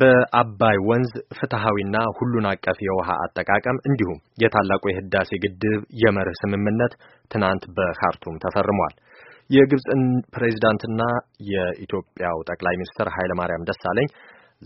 በአባይ ወንዝ ፍትሐዊና ሁሉን አቀፍ የውሃ አጠቃቀም እንዲሁም የታላቁ የህዳሴ ግድብ የመርህ ስምምነት ትናንት በካርቱም ተፈርሟል። የግብፅን ፕሬዚዳንትና የኢትዮጵያው ጠቅላይ ሚኒስትር ኃይለማርያም ደሳለኝ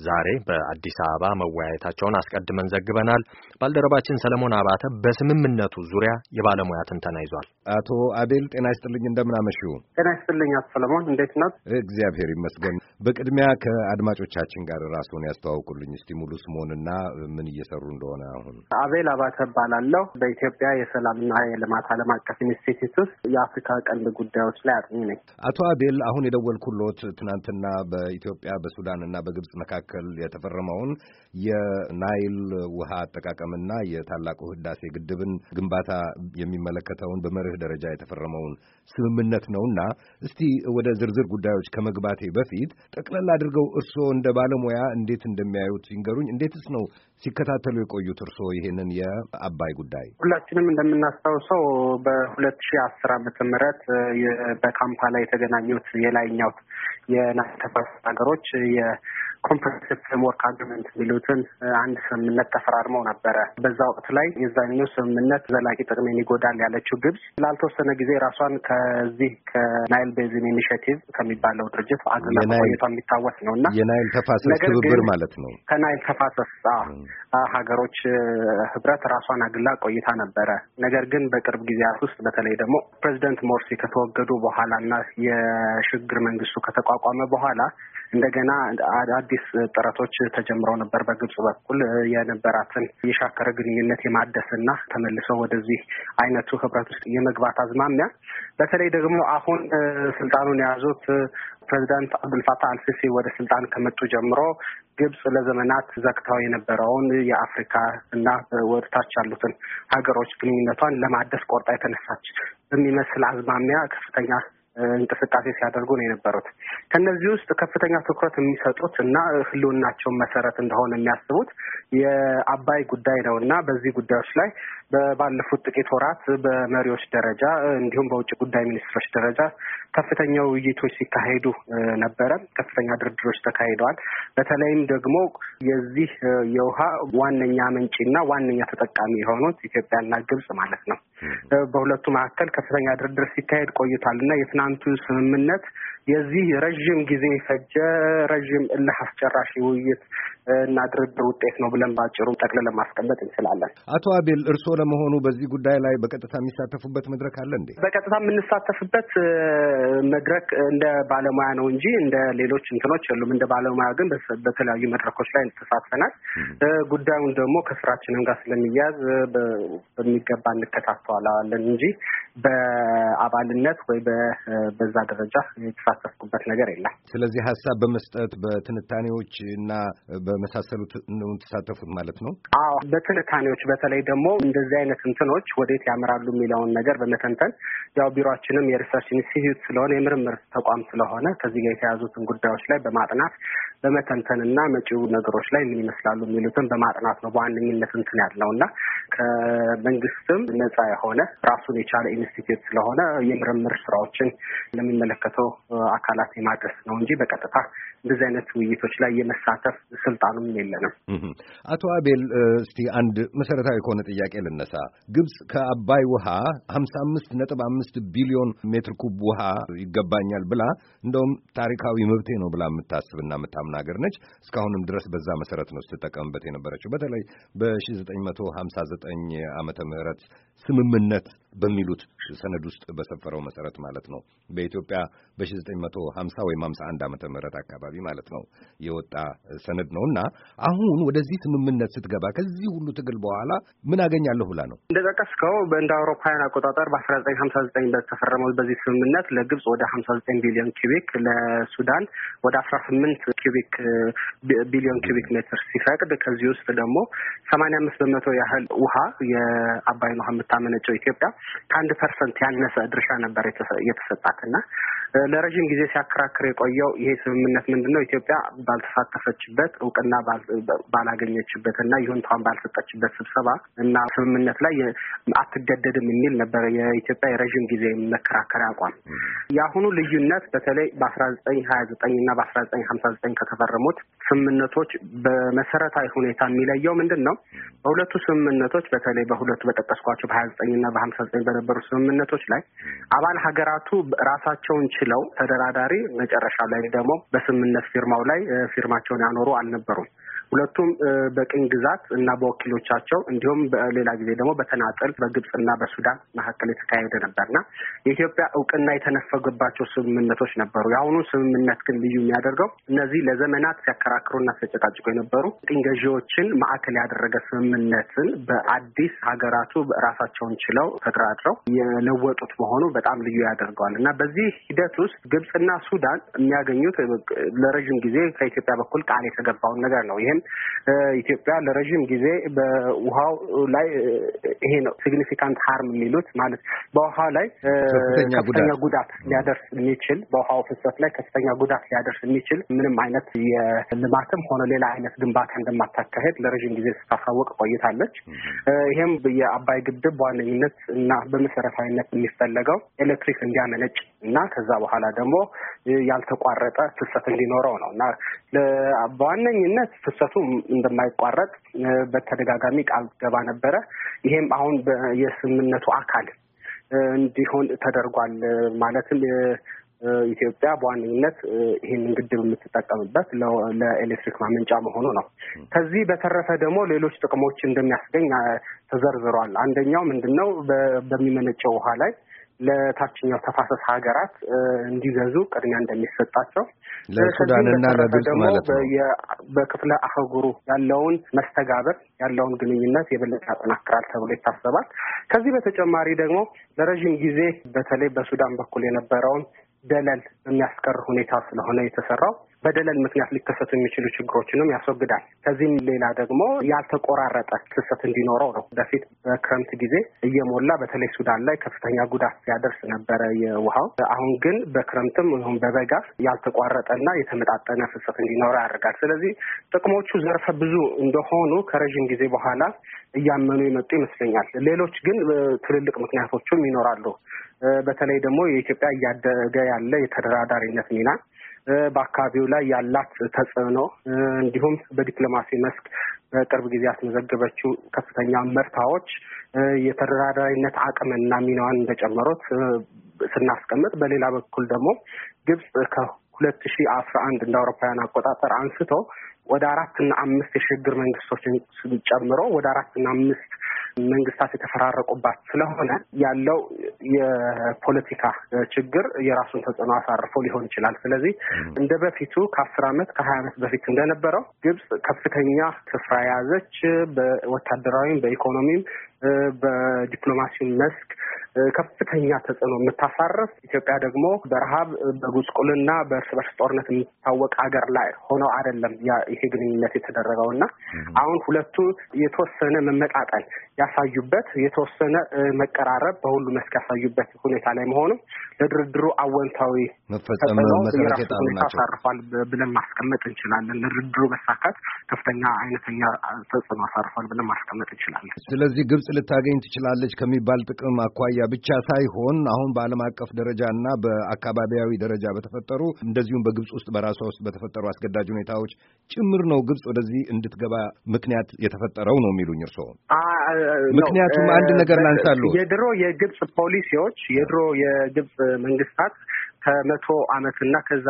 ዛሬ በአዲስ አበባ መወያየታቸውን አስቀድመን ዘግበናል። ባልደረባችን ሰለሞን አባተ በስምምነቱ ዙሪያ የባለሙያ ትንተና ይዟል። አቶ አቤል ጤና ይስጥልኝ፣ እንደምን አመሹ? ጤና ይስጥልኝ አቶ ሰለሞን፣ እንዴት ናት? እግዚአብሔር ይመስገን። በቅድሚያ ከአድማጮቻችን ጋር ራስዎን ያስተዋውቁልኝ እስቲ ሙሉ ስሞንና ምን እየሰሩ እንደሆነ። አሁን አቤል አባተ እባላለሁ። በኢትዮጵያ የሰላምና የልማት ዓለም አቀፍ ኢንስቲትዩት ውስጥ የአፍሪካ ቀንድ ጉዳዮች ላይ አጥኚ ነኝ። አቶ አቤል አሁን የደወልኩሎት ትናንትና በኢትዮጵያ በሱዳንና በግብጽ መካከል መካከል የተፈረመውን የናይል ውሃ አጠቃቀምና የታላቁ ህዳሴ ግድብን ግንባታ የሚመለከተውን በመርህ ደረጃ የተፈረመውን ስምምነት ነውና እስቲ ወደ ዝርዝር ጉዳዮች ከመግባቴ በፊት ጠቅለል አድርገው እርስዎ እንደ ባለሙያ እንዴት እንደሚያዩት ሲንገሩኝ። እንዴትስ ነው ሲከታተሉ የቆዩት እርስዎ ይሄንን የአባይ ጉዳይ? ሁላችንም እንደምናስታውሰው በሁለት ሺህ አስር ዓመተ ምህረት በካምፓላ የተገናኙት የላይኛው የናይል ተፋሰስ ሀገሮች ኮምፕሬሲቭ ፍሬምወርክ አግሪመንት የሚሉትን አንድ ስምምነት ተፈራርመው ነበረ። በዛ ወቅት ላይ የዛኛው ስምምነት ዘላቂ ጥቅሜን ይጎዳል ያለችው ግብጽ ላልተወሰነ ጊዜ ራሷን ከዚህ ከናይል ቤዚን ኢኒሽቲቭ ከሚባለው ድርጅት አግላ መቆየቷ የሚታወስ ነው እና የናይል ተፋሰስ ትብብር ማለት ነው። ከናይል ተፋሰስ ሀገሮች ህብረት ራሷን አግላ ቆይታ ነበረ። ነገር ግን በቅርብ ጊዜያት ውስጥ በተለይ ደግሞ ፕሬዚደንት ሞርሲ ከተወገዱ በኋላ እና የሽግግር መንግስቱ ከተቋቋመ በኋላ እንደገና አዲስ ጥረቶች ተጀምረው ነበር። በግብጽ በኩል የነበራትን የሻከረ ግንኙነት የማደስና ተመልሰው ወደዚህ አይነቱ ህብረት ውስጥ የመግባት አዝማሚያ በተለይ ደግሞ አሁን ስልጣኑን የያዙት ፕሬዚዳንት አብዱልፋታህ አልሲሲ ወደ ስልጣን ከመጡ ጀምሮ ግብጽ ለዘመናት ዘግታው የነበረውን የአፍሪካ እና ወደታች ያሉትን ሀገሮች ግንኙነቷን ለማደስ ቆርጣ የተነሳች በሚመስል አዝማሚያ ከፍተኛ እንቅስቃሴ ሲያደርጉ ነው የነበሩት። ከእነዚህ ውስጥ ከፍተኛ ትኩረት የሚሰጡት እና ህልውናቸውን መሰረት እንደሆነ የሚያስቡት የአባይ ጉዳይ ነው እና በዚህ ጉዳዮች ላይ ባለፉት ጥቂት ወራት በመሪዎች ደረጃ እንዲሁም በውጭ ጉዳይ ሚኒስትሮች ደረጃ ከፍተኛ ውይይቶች ሲካሄዱ ነበረ። ከፍተኛ ድርድሮች ተካሂደዋል። በተለይም ደግሞ የዚህ የውሃ ዋነኛ ምንጭና ዋነኛ ተጠቃሚ የሆኑት ኢትዮጵያና ግብጽ ማለት ነው። በሁለቱ መካከል ከፍተኛ ድርድር ሲካሄድ ቆይቷል እና የትናንቱ ስምምነት የዚህ ረዥም ጊዜ ፈጀ ረዥም እልህ አስጨራሽ ውይይት እና ድርድር ውጤት ነው ብለን በአጭሩ ጠቅልለን ማስቀመጥ እንችላለን። አቶ አቤል እርስዎ ለመሆኑ በዚህ ጉዳይ ላይ በቀጥታ የሚሳተፉበት መድረክ አለ እንዴ? በቀጥታ የምንሳተፍበት መድረክ እንደ ባለሙያ ነው እንጂ እንደ ሌሎች እንትኖች የሉም። እንደ ባለሙያ ግን በተለያዩ መድረኮች ላይ ተሳትፈናል። ጉዳዩን ደግሞ ከስራችንም ጋር ስለሚያያዝ በሚገባ እንከታተዋለን እንጂ በአባልነት ወይ በዛ ደረጃ የተሳ ያካተትኩበት ነገር የለም። ስለዚህ ሀሳብ በመስጠት በትንታኔዎች እና በመሳሰሉት ነው ተሳተፉት ማለት ነው? አዎ በትንታኔዎች በተለይ ደግሞ እንደዚህ አይነት እንትኖች ወዴት ያምራሉ የሚለውን ነገር በመተንተን ያው ቢሮችንም የሪሰርች ኢንስቲትዩት ስለሆነ የምርምር ተቋም ስለሆነ ከዚህ ጋር የተያዙትን ጉዳዮች ላይ በማጥናት በመተንተንና መጪው ነገሮች ላይ ምን ይመስላሉ የሚሉትን በማጥናት ነው በዋነኝነት እንትን ያለው እና ከመንግስትም ነጻ የሆነ ራሱን የቻለ ኢንስቲትዩት ስለሆነ የምርምር ስራዎችን ለሚመለከተው አካላት የማድረስ ነው እንጂ በቀጥታ እንደዚህ አይነት ውይይቶች ላይ የመሳተፍ ስልጣኑም የለንም። አቶ አቤል እስቲ አንድ መሰረታዊ ከሆነ ጥያቄ ልነሳ። ግብጽ ከአባይ ውሃ ሀምሳ አምስት ነጥብ አምስት ቢሊዮን ሜትር ኩብ ውሃ ይገባኛል ብላ እንደውም ታሪካዊ መብቴ ነው ብላ የምታስብና የምታም የምታምና ሀገር ነች። እስካሁንም ድረስ በዛ መሰረት ነው ስትጠቀምበት የነበረችው። በተለይ በ1959 ዓመተ ምህረት ስምምነት በሚሉት ሰነድ ውስጥ በሰፈረው መሰረት ማለት ነው። በኢትዮጵያ በ1950 ወይም 51 ዓመተ ምህረት አካባቢ ማለት ነው የወጣ ሰነድ ነው እና አሁን ወደዚህ ስምምነት ስትገባ ከዚህ ሁሉ ትግል በኋላ ምን አገኛለሁ ብላ ነው እንደጠቀስከው እንደ አውሮፓውያን አቆጣጠር በ1959 በተፈረመው በዚህ ስምምነት ለግብጽ ወደ 59 ቢሊዮን ኪቢክ ለሱዳን ወደ 18 ኪቢክ ቢሊዮን ኪቢክ ሜትር ሲፈቅድ ከዚህ ውስጥ ደግሞ 85 በመቶ ያህል ውሃ የአባይን ውሃ የምታመነጨው ኢትዮጵያ ከአንድ ፐርሰንት ያነሰ ድርሻ ነበር የተሰጣት እና ለረዥም ጊዜ ሲያከራክር የቆየው ይሄ ስምምነት ምንድን ነው? ኢትዮጵያ ባልተሳተፈችበት እውቅና ባላገኘችበት እና ይሁንታን ባልሰጠችበት ስብሰባ እና ስምምነት ላይ አትገደድም የሚል ነበረ የኢትዮጵያ የረዥም ጊዜ መከራከሪያ አቋም። የአሁኑ ልዩነት በተለይ በአስራ ዘጠኝ ሀያ ዘጠኝ እና በአስራ ዘጠኝ ሀምሳ ዘጠኝ ከተፈረሙት ስምምነቶች በመሰረታዊ ሁኔታ የሚለየው ምንድን ነው? በሁለቱ ስምምነቶች በተለይ በሁለቱ በጠቀስኳቸው በሀያ ዘጠኝ እና በሀምሳ ዘጠኝ በነበሩ ስምምነቶች ላይ አባል ሀገራቱ ራሳቸውን ችለው ተደራዳሪ መጨረሻ ላይ ደግሞ በስምምነት ፊርማው ላይ ፊርማቸውን ያኖሩ አልነበሩም። ሁለቱም በቅኝ ግዛት እና በወኪሎቻቸው እንዲሁም በሌላ ጊዜ ደግሞ በተናጠል በግብፅና በሱዳን መካከል የተካሄደ ነበርና የኢትዮጵያ እውቅና የተነፈገባቸው ስምምነቶች ነበሩ። የአሁኑ ስምምነት ግን ልዩ የሚያደርገው እነዚህ ለዘመናት ሲያከራክሩና ሲያጨቃጭቁ የነበሩ ቅኝ ገዢዎችን ማዕከል ያደረገ ስምምነትን በአዲስ ሀገራቱ ራሳቸውን ችለው ተደራድረው የለወጡት መሆኑ በጣም ልዩ ያደርገዋል እና በዚህ ሂደት ውስጥ ግብፅና ሱዳን የሚያገኙት ለረዥም ጊዜ ከኢትዮጵያ በኩል ቃል የተገባውን ነገር ነው። ይህም ግን ኢትዮጵያ ለረዥም ጊዜ በውሃው ላይ ይሄ ነው ሲግኒፊካንት ሃርም የሚሉት ማለት በውሃ ላይ ከፍተኛ ጉዳት ሊያደርስ የሚችል በውሃው ፍሰት ላይ ከፍተኛ ጉዳት ሊያደርስ የሚችል ምንም አይነት የልማትም ሆነ ሌላ አይነት ግንባታ እንደማታካሄድ ለረዥም ጊዜ ስታሳወቅ ቆይታለች። ይሄም የአባይ ግድብ በዋነኝነት እና በመሰረታዊነት የሚፈለገው ኤሌክትሪክ እንዲያመነጭ እና ከዛ በኋላ ደግሞ ያልተቋረጠ ፍሰት እንዲኖረው ነው እና በዋነኝነት ፍሰ ሂደቱ እንደማይቋረጥ በተደጋጋሚ ቃል ገባ ነበረ። ይሄም አሁን የስምምነቱ አካል እንዲሆን ተደርጓል። ማለትም ኢትዮጵያ በዋነኝነት ይህንን ግድብ የምትጠቀምበት ለኤሌክትሪክ ማመንጫ መሆኑ ነው። ከዚህ በተረፈ ደግሞ ሌሎች ጥቅሞች እንደሚያስገኝ ተዘርዝሯል። አንደኛው ምንድን ነው? በሚመነጨው ውሃ ላይ ለታችኛው ተፋሰስ ሀገራት እንዲገዙ ቅድሚያ እንደሚሰጣቸው ለሱዳንና ለግብጽ ማለት ነው። በክፍለ አህጉሩ ያለውን መስተጋበር ያለውን ግንኙነት የበለጠ ያጠናክራል ተብሎ ይታሰባል። ከዚህ በተጨማሪ ደግሞ ለረዥም ጊዜ በተለይ በሱዳን በኩል የነበረውን ደለል በሚያስቀር ሁኔታ ስለሆነ የተሰራው በደለል ምክንያት ሊከሰቱ የሚችሉ ችግሮችንም ያስወግዳል። ከዚህም ሌላ ደግሞ ያልተቆራረጠ ፍሰት እንዲኖረው ነው። በፊት በክረምት ጊዜ እየሞላ በተለይ ሱዳን ላይ ከፍተኛ ጉዳት ሲያደርስ ነበረ የውሃው። አሁን ግን በክረምትም ይሁን በበጋ ያልተቋረጠና የተመጣጠነ ፍሰት እንዲኖረው ያደርጋል። ስለዚህ ጥቅሞቹ ዘርፈ ብዙ እንደሆኑ ከረዥም ጊዜ በኋላ እያመኑ የመጡ ይመስለኛል። ሌሎች ግን ትልልቅ ምክንያቶችም ይኖራሉ። በተለይ ደግሞ የኢትዮጵያ እያደገ ያለ የተደራዳሪነት ሚና በአካባቢው ላይ ያላት ተጽዕኖ እንዲሁም በዲፕሎማሲ መስክ በቅርብ ጊዜ ያስመዘገበችው ከፍተኛ ምርታዎች የተደራዳሪነት አቅምና ሚናዋን እንደጨመሩት ስናስቀምጥ፣ በሌላ በኩል ደግሞ ግብጽ ከሁለት ሺ አስራ አንድ እንደ አውሮፓውያን አቆጣጠር አንስቶ ወደ አራትና አምስት የሽግግር መንግስቶችን ጨምሮ ወደ አራትና አምስት መንግስታት የተፈራረቁባት ስለሆነ ያለው የፖለቲካ ችግር የራሱን ተጽዕኖ አሳርፎ ሊሆን ይችላል። ስለዚህ እንደ በፊቱ ከአስር ዓመት ከሀያ አመት በፊት እንደነበረው ግብጽ ከፍተኛ ስፍራ የያዘች በወታደራዊም በኢኮኖሚም በዲፕሎማሲው መስክ ከፍተኛ ተጽዕኖ የምታሳርፍ ኢትዮጵያ ደግሞ በረሃብ በጉስቁልና በእርስ በርስ ጦርነት የሚታወቅ ሀገር ላይ ሆነው አይደለም ይሄ ግንኙነት የተደረገው እና አሁን ሁለቱ የተወሰነ መመጣጠን ያሳዩበት የተወሰነ መቀራረብ በሁሉ መስክ ያሳዩበት ሁኔታ ላይ መሆኑም ለድርድሩ አወንታዊ መፈጸም አሳርፏል ብለን ማስቀመጥ እንችላለን። ለድርድሩ መሳካት ከፍተኛ አይነተኛ ተጽዕኖ አሳርፏል ብለን ማስቀመጥ እንችላለን። ስለዚህ ግብጽ ልታገኝ ትችላለች ከሚባል ጥቅም አኳያ ብቻ ሳይሆን አሁን በዓለም አቀፍ ደረጃ እና በአካባቢያዊ ደረጃ በተፈጠሩ እንደዚሁም በግብጽ ውስጥ በራሷ ውስጥ በተፈጠሩ አስገዳጅ ሁኔታዎች ጭምር ነው ግብጽ ወደዚህ እንድትገባ ምክንያት የተፈጠረው ነው የሚሉኝ እርስዎ? ምክንያቱም አንድ ነገር ላንሳሉ። የድሮ የግብጽ ፖሊሲዎች የድሮ የግብጽ መንግስታት ከመቶ አመት እና ከዛ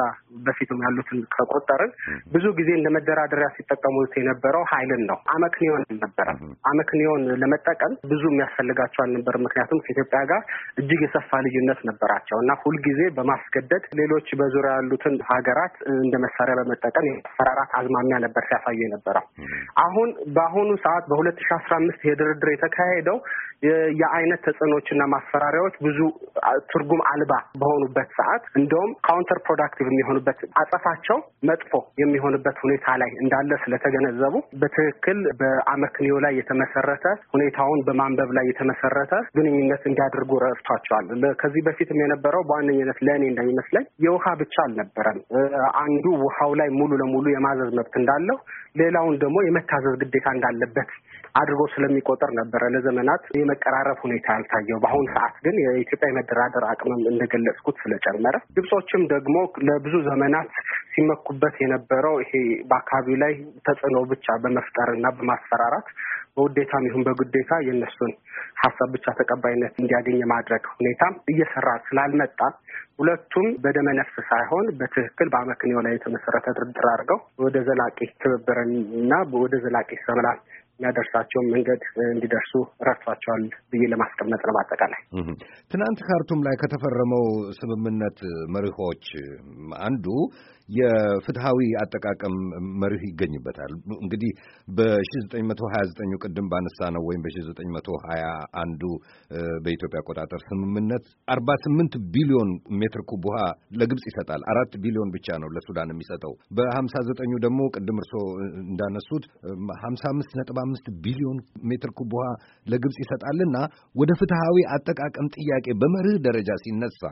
በፊትም ያሉትን ከቆጠርን ብዙ ጊዜ እንደ መደራደሪያ ሲጠቀሙት የነበረው ኃይልን ነው። አመክንዮን ነበረ። አመክንዮን ለመጠቀም ብዙ የሚያስፈልጋቸው አልነበር። ምክንያቱም ከኢትዮጵያ ጋር እጅግ የሰፋ ልዩነት ነበራቸው እና ሁልጊዜ በማስገደድ ሌሎች በዙሪያ ያሉትን ሀገራት እንደ መሳሪያ በመጠቀም የማስፈራራት አዝማሚያ ነበር ሲያሳዩ የነበረው። አሁን በአሁኑ ሰዓት በሁለት ሺ አስራ አምስት ድርድር የተካሄደው የአይነት ተጽዕኖችና ማስፈራሪያዎች ብዙ ትርጉም አልባ በሆኑበት ሰዓት እንደውም ካውንተር ፕሮዳክቲቭ የሚሆኑበት አጸፋቸው መጥፎ የሚሆንበት ሁኔታ ላይ እንዳለ ስለተገነዘቡ በትክክል በአመክንዮ ላይ የተመሰረተ ሁኔታውን በማንበብ ላይ የተመሰረተ ግንኙነት እንዲያደርጉ ረድቷቸዋል። ከዚህ በፊትም የነበረው በዋነኝነት ለእኔ እንደሚመስለኝ የውሃ ብቻ አልነበረም። አንዱ ውሃው ላይ ሙሉ ለሙሉ የማዘዝ መብት እንዳለው፣ ሌላውን ደግሞ የመታዘዝ ግዴታ እንዳለበት አድርጎ ስለሚቆጠር ነበረ ለዘመናት የመቀራረብ ሁኔታ ያልታየው። በአሁኑ ሰዓት ግን የኢትዮጵያ የመደራደር አቅምም እንደገለጽኩት ስለጨመረ ግብጾችም ደግሞ ለብዙ ዘመናት ሲመኩበት የነበረው ይሄ በአካባቢው ላይ ተጽዕኖ ብቻ በመፍጠር እና በማስፈራራት በውዴታም ይሁን በግዴታ የእነሱን ሀሳብ ብቻ ተቀባይነት እንዲያገኝ ማድረግ ሁኔታ እየሰራ ስላልመጣ ሁለቱም በደመ ነፍስ ሳይሆን በትክክል በአመክንዮ ላይ የተመሰረተ ድርድር አድርገው ወደ ዘላቂ ትብብርና ወደ ዘላቂ ሰላም የሚያደርሳቸውን መንገድ እንዲደርሱ ረድቷቸዋል ብዬ ለማስቀመጥ ነው። በአጠቃላይ ትናንት ካርቱም ላይ ከተፈረመው ስምምነት መርሆች አንዱ የፍትሐዊ አጠቃቀም መርህ ይገኝበታል። እንግዲህ በ1929 ቅድም ባነሳ ነው ወይም በ1921 በኢትዮጵያ አቆጣጠር ስምምነት 48 ቢሊዮን ሜትር ኩብ ውሃ ለግብፅ ይሰጣል። አራት ቢሊዮን ብቻ ነው ለሱዳን የሚሰጠው። በ59ኙ ደግሞ ቅድም እርሶ እንዳነሱት 55.5 ቢሊዮን ሜትር ኩብ ውሃ ለግብፅ ይሰጣልና ወደ ፍትሐዊ አጠቃቀም ጥያቄ በመርህ ደረጃ ሲነሳ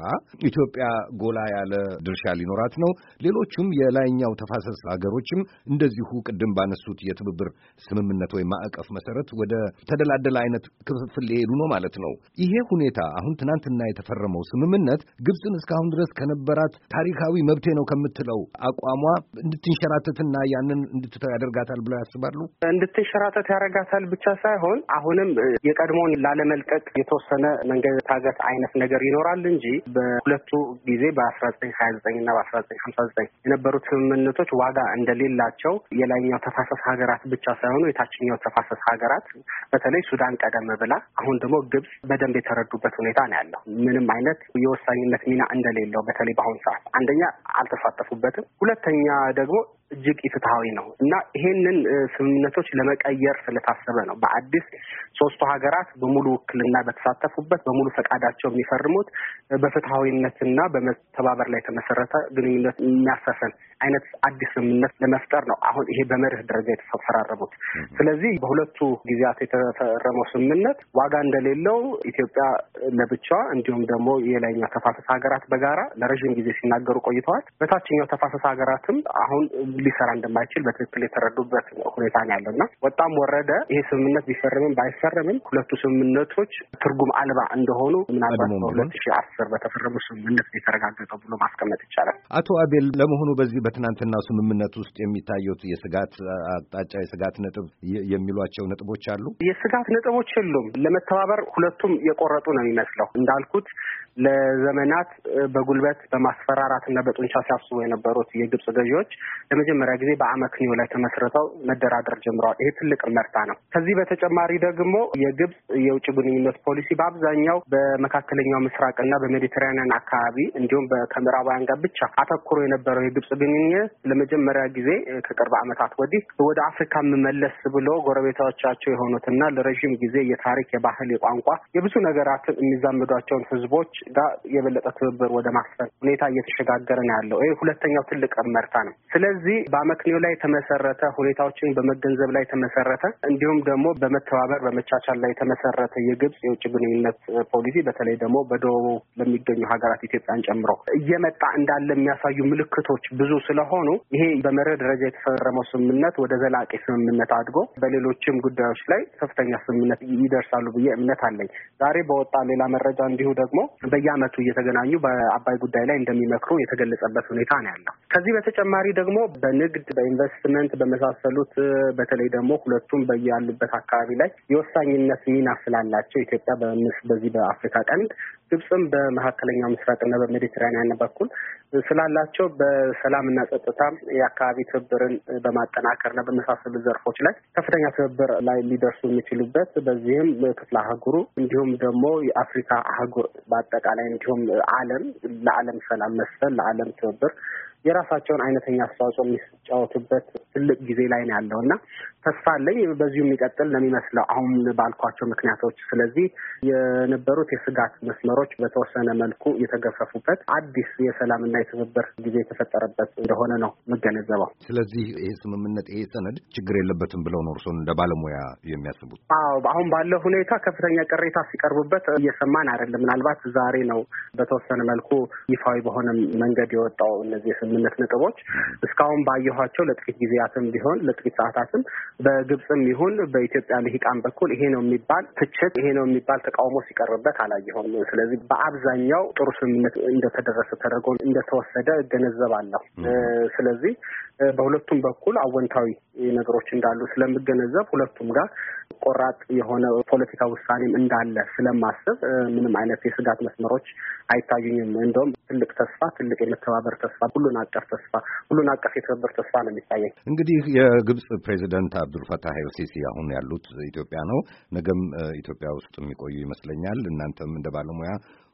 ኢትዮጵያ ጎላ ያለ ድርሻ ሊኖራት ነው ሌሎች ሌሎቹም የላይኛው ተፋሰስ ሀገሮችም እንደዚሁ ቅድም ባነሱት የትብብር ስምምነት ወይም ማዕቀፍ መሰረት ወደ ተደላደለ አይነት ክፍፍል ሊሄዱ ነው ማለት ነው። ይሄ ሁኔታ አሁን ትናንትና የተፈረመው ስምምነት ግብፅን እስካሁን ድረስ ከነበራት ታሪካዊ መብቴ ነው ከምትለው አቋሟ እንድትንሸራተትና ያንን እንድትተው ያደርጋታል ብለው ያስባሉ። እንድትንሸራተት ያደርጋታል ብቻ ሳይሆን አሁንም የቀድሞውን ላለመልቀቅ የተወሰነ መንገድ ታገት አይነት ነገር ይኖራል እንጂ በሁለቱ ጊዜ በአስራ ዘጠኝ ሀያ ዘጠኝ እና በአስራ ዘጠኝ ሀምሳ ዘጠኝ የነበሩት ስምምነቶች ዋጋ እንደሌላቸው የላይኛው ተፋሰስ ሀገራት ብቻ ሳይሆኑ የታችኛው ተፋሰስ ሀገራት በተለይ ሱዳን ቀደም ብላ፣ አሁን ደግሞ ግብጽ በደንብ የተረዱበት ሁኔታ ነው ያለው። ምንም አይነት የወሳኝነት ሚና እንደሌለው በተለይ በአሁኑ ሰዓት አንደኛ አልተሳተፉበትም፣ ሁለተኛ ደግሞ እጅግ ኢፍትሐዊ ነው እና ይሄንን ስምምነቶች ለመቀየር ስለታሰበ ነው በአዲስ ሶስቱ ሀገራት በሙሉ ውክልና በተሳተፉበት በሙሉ ፈቃዳቸው የሚፈርሙት በፍትሐዊነትና በመተባበር ላይ የተመሰረተ ግንኙነት የሚያሰፍን አይነት አዲስ ስምምነት ለመፍጠር ነው አሁን ይሄ በመርህ ደረጃ የተፈራረሙት። ስለዚህ በሁለቱ ጊዜያት የተፈረመው ስምምነት ዋጋ እንደሌለው ኢትዮጵያ ለብቻዋ እንዲሁም ደግሞ የላይኛው ተፋሰስ ሀገራት በጋራ ለረዥም ጊዜ ሲናገሩ ቆይተዋል። በታችኛው ተፋሰስ ሀገራትም አሁን ሊሰራ እንደማይችል በትክክል የተረዱበት ሁኔታ ነው እና ወጣም ወረደ ይሄ ስምምነት ቢፈርምም ባይፈርምም ሁለቱ ስምምነቶች ትርጉም አልባ እንደሆኑ ምናልባት በሁለት ሺህ አስር በተፈረሙ ስምምነት የተረጋገጠው ብሎ ማስቀመጥ ይቻላል። አቶ አቤል ለመሆኑ በዚህ በትናንትና ስምምነት ውስጥ የሚታዩት የስጋት አቅጣጫ የስጋት ነጥብ የሚሏቸው ነጥቦች አሉ? የስጋት ነጥቦች የሉም። ለመተባበር ሁለቱም የቆረጡ ነው የሚመስለው። እንዳልኩት ለዘመናት በጉልበት በማስፈራራት እና በጡንቻ ሲያስቡ የነበሩት የግብፅ ገዢዎች ለመጀመሪያ ጊዜ በአመክንዮ ላይ ተመስርተው መደራደር ጀምረዋል። ይሄ ትልቅ መርታ ነው። ከዚህ በተጨማሪ ደግሞ የግብፅ የውጭ ግንኙነት ፖሊሲ በአብዛኛው በመካከለኛው ምስራቅ እና በሜዲትራኒያን አካባቢ እንዲሁም ከምዕራባውያን ጋር ብቻ አተኩሮ የነበረው የግብፅ ግንኙነት ለመጀመሪያ ጊዜ ከቅርብ ዓመታት ወዲህ ወደ አፍሪካ የምመለስ ብሎ ጎረቤታዎቻቸው የሆኑትና ለረዥም ጊዜ የታሪክ፣ የባህል፣ የቋንቋ የብዙ ነገራት የሚዛመዷቸውን ህዝቦች ጋር የበለጠ ትብብር ወደ ማስፈን ሁኔታ እየተሸጋገረ ነው ያለው። ይህ ሁለተኛው ትልቅ መርታ ነው። ስለዚህ በአመክንዮ ላይ የተመሰረተ ሁኔታዎችን በመገንዘብ ላይ የተመሰረተ እንዲሁም ደግሞ በመተባበር በመቻቻል ላይ የተመሰረተ የግብጽ የውጭ ግንኙነት ፖሊሲ በተለይ ደግሞ በደቡብ ለሚገኙ ሀገራት ኢትዮጵያን ጨምሮ እየመጣ እንዳለ የሚያሳዩ ምልክቶች ብዙ ስለሆኑ ይሄ በመርህ ደረጃ የተፈረመው ስምምነት ወደ ዘላቂ ስምምነት አድጎ በሌሎችም ጉዳዮች ላይ ከፍተኛ ስምምነት ይደርሳሉ ብዬ እምነት አለኝ። ዛሬ በወጣ ሌላ መረጃ እንዲሁ ደግሞ በየዓመቱ እየተገናኙ በአባይ ጉዳይ ላይ እንደሚመክሩ የተገለጸበት ሁኔታ ነው ያለው። ከዚህ በተጨማሪ ደግሞ በንግድ፣ በኢንቨስትመንት በመሳሰሉት በተለይ ደግሞ ሁለቱም በያሉበት አካባቢ ላይ የወሳኝነት ሚና ስላላቸው ኢትዮጵያ በዚህ በአፍሪካ ቀንድ ግብፅም በመካከለኛው ምስራቅና በሜዲትራኒያን በኩል ስላላቸው በሰላምና ጸጥታ የአካባቢ ትብብርን በማጠናከርና በመሳሰሉ ዘርፎች ላይ ከፍተኛ ትብብር ላይ ሊደርሱ የሚችሉበት በዚህም ክፍለ አህጉሩ እንዲሁም ደግሞ የአፍሪካ አህጉር በአጠቃላይ እንዲሁም ዓለም ለዓለም ሰላም መሰል ለዓለም ትብብር የራሳቸውን አይነተኛ አስተዋጽኦ የሚጫወቱበት ትልቅ ጊዜ ላይ ነው ያለው እና ተስፋ አለኝ በዚሁ የሚቀጥል ነው አሁን ባልኳቸው ምክንያቶች። ስለዚህ የነበሩት የስጋት መስመሮች በተወሰነ መልኩ የተገፈፉበት አዲስ የሰላምና የትብብር ጊዜ የተፈጠረበት እንደሆነ ነው የምገነዘበው። ስለዚህ ይሄ ስምምነት ይሄ ሰነድ ችግር የለበትም ብለው ነው እርስዎን እንደ ባለሙያ የሚያስቡት? አዎ፣ አሁን ባለው ሁኔታ ከፍተኛ ቅሬታ ሲቀርቡበት እየሰማን አይደለም። ምናልባት ዛሬ ነው በተወሰነ መልኩ ይፋዊ በሆነ መንገድ የወጣው እነዚህ የስምምነት ነጥቦች እስካሁን ባየኋቸው ለጥቂት ጊዜ ሰዓታትም ቢሆን ለጥቂት ሰዓታትም በግብፅም ይሁን በኢትዮጵያ ልሂቃን በኩል ይሄ ነው የሚባል ትችት፣ ይሄ ነው የሚባል ተቃውሞ ሲቀርበት አላየሁም። ስለዚህ በአብዛኛው ጥሩ ስምምነት እንደተደረሰ ተደርጎ እንደተወሰደ እገነዘባለሁ። ስለዚህ በሁለቱም በኩል አወንታዊ ነገሮች እንዳሉ ስለምገነዘብ ሁለቱም ጋር ቆራጥ የሆነ ፖለቲካ ውሳኔም እንዳለ ስለማስብ ምንም አይነት የስጋት መስመሮች አይታዩኝም። እንደውም ትልቅ ተስፋ፣ ትልቅ የመተባበር ተስፋ፣ ሁሉን አቀፍ ተስፋ፣ ሁሉን አቀፍ የትብብር ተስፋ ነው የሚታየኝ። እንግዲህ የግብፅ ፕሬዚደንት አብዱልፈታህ ኤልሲሲ አሁን ያሉት ኢትዮጵያ ነው። ነገም ኢትዮጵያ ውስጥ የሚቆዩ ይመስለኛል። እናንተም እንደ ባለሙያ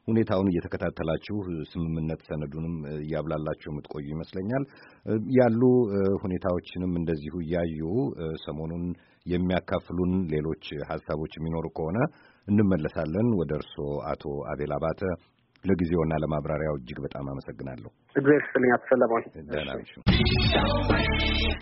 ሁኔታውን እየተከታተላችሁ ስምምነት ሰነዱንም እያብላላችሁ የምትቆዩ ይመስለኛል። ያሉ ሁኔታዎችንም እንደዚሁ እያዩ ሰሞኑን የሚያካፍሉን ሌሎች ሀሳቦች የሚኖሩ ከሆነ እንመለሳለን ወደ እርስዎ አቶ አቤል አባተ። ለጊዜውና ለማብራሪያው እጅግ በጣም አመሰግናለሁ። እግዚአብሔር ይስጥልኝ አቶ ሰለሞን።